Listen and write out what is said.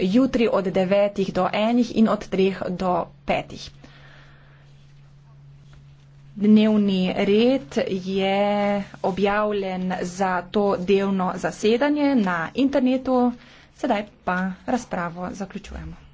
jutri od 9 do 1 in od 3 do 5. Dnevni red je objavljen za to delno zasedanje na internetu, sedaj pa razpravo zaključujemo.